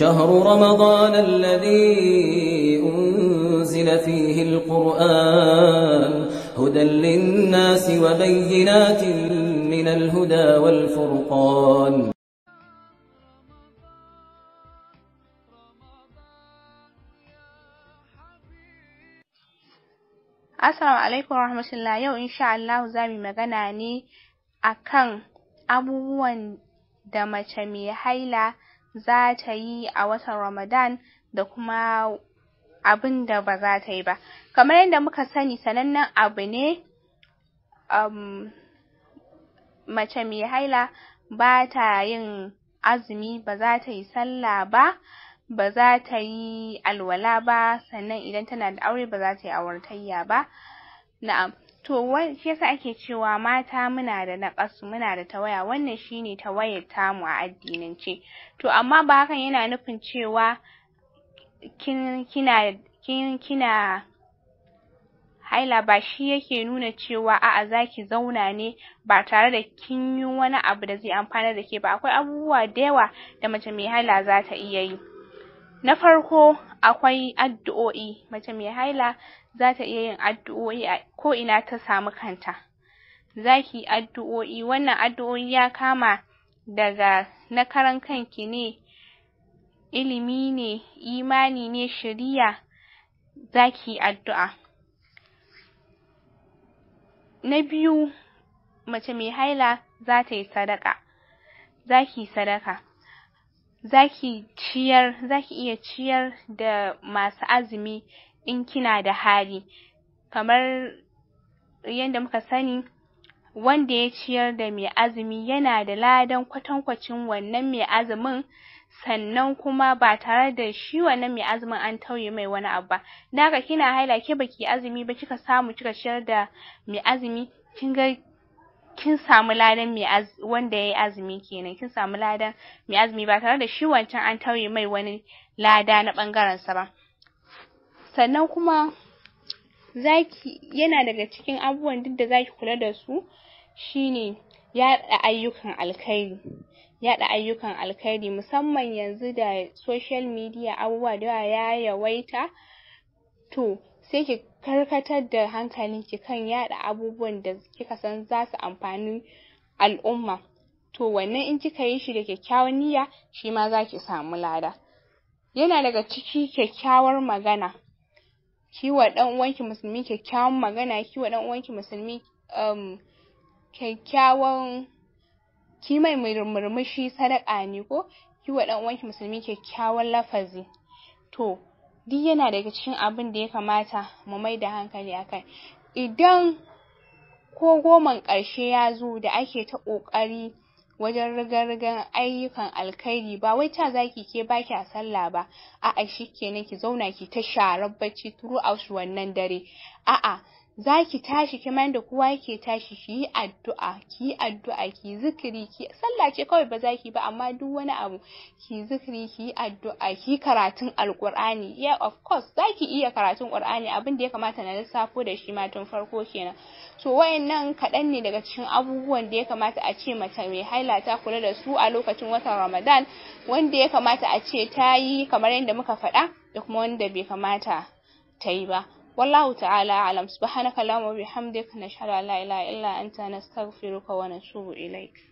شهر رمضان الذي أنزل فيه القرآن هدى للناس وبينات من الهدى والفرقان Assalamu alaikum warahmatullah yau insha Allah za mu magana ne akan abubuwan da mace mai haila za ta yi a watan Ramadan da kuma abin da ba za ta yi ba. Kamar yadda muka sani sanannen abu ne um, mace mai haila ba ta yin azumi ba za ta yi sallah ba ba za ta yi alwala ba sannan idan tana da aure ba za ta yi auratayya ba na'am to wai shi yasa ake cewa mata muna da naƙasu muna da tawaya wannan shine tawayar tamu a addinance to amma ba hakan yana nufin cewa kin kina haila ba shi yake nuna cewa a'a zaki zauna ne ba tare da kin yi wani abu da zai amfana da ke ba akwai abubuwa da yawa da mace mai haila za ta iya yi na farko akwai addu'o'i mace mai haila za ta iya yin addu'o'i a ko ina ta samu kanta za ki yi addu'o'i wannan addu'o'i ya kama daga na karan kanki ne ilimi ne imani ne shiriya za ki yi addu'a na biyu mace mai haila za ta yi sadaka za ki yi sadaka zaki ciyar zaki iya ciyar da masu azumi in kina da hali kamar yadda muka sani wanda ya ciyar da mai azumi yana da ladan kwatankwacin wannan mai azumin sannan kuma ba tare da shi wannan mai azumin an tauye mai wani abu ba haka kina haila ke baki azumi ba kika samu kika ciyar da mai azumi kin ga kin samu ladan mai wanda yayi azumi kenan kin samu ladan mai azumi ba tare da shi wancan an tauye mai wani lada na bangaren sa ba sannan kuma zaki yana daga cikin abubuwan duk da zaki kula da su shine yaɗa ayyukan alkhairi yaɗa ayyukan alkhairi musamman yanzu da social media abubuwa da yawa ya yawaita to sai ki karkatar da hankalinki kan yaɗa abubuwan da kika san za su amfani al'umma to wannan in kika yi shi da kyakkyawan niyya shi ma za ki samu lada yana daga ciki kyakkyawar magana ki wa ɗan uwanki musulmi kyakkyawan magana ki wa ɗan uwanki musulmi um, kyakkyawan ki mai murmushi sadaka ne ko ki wa ɗan uwanki musulmi kyakkyawan lafazi to duk yana daga cikin abin da ya kamata mu mai da hankali a kai idan ko goman ƙarshe ya zo da ake ta ƙoƙari wajen riga-rigan ayyukan alkhairi ba wai ta zaki ke ba kya sallah ba a'a shikenan ki zauna ki ta sharar bacci throughout wannan dare a'a za ki tashi kamar da kowa yake tashi shi yi addu'a ki yi addu'a ki zikiri ki sallah ce kawai ba za ki ba amma duk wani abu ki zikiri ki yi addu'a ki karatun alqur'ani yeah of course za ki iya karatun qur'ani abin da ya kamata na lissafo da shi ma tun farko kenan to wayannan kaɗan ne daga cikin abubuwan da ya kamata a ce mace mai haila ta kula da su a lokacin watan ramadan wanda ya kamata a ce ta yi kamar yadda muka faɗa da kuma wanda bai kamata ta yi ba والله تعالى أعلم سبحانك اللهم وبحمدك نشهد أن لا إله إلا أنت نستغفرك ونتوب إليك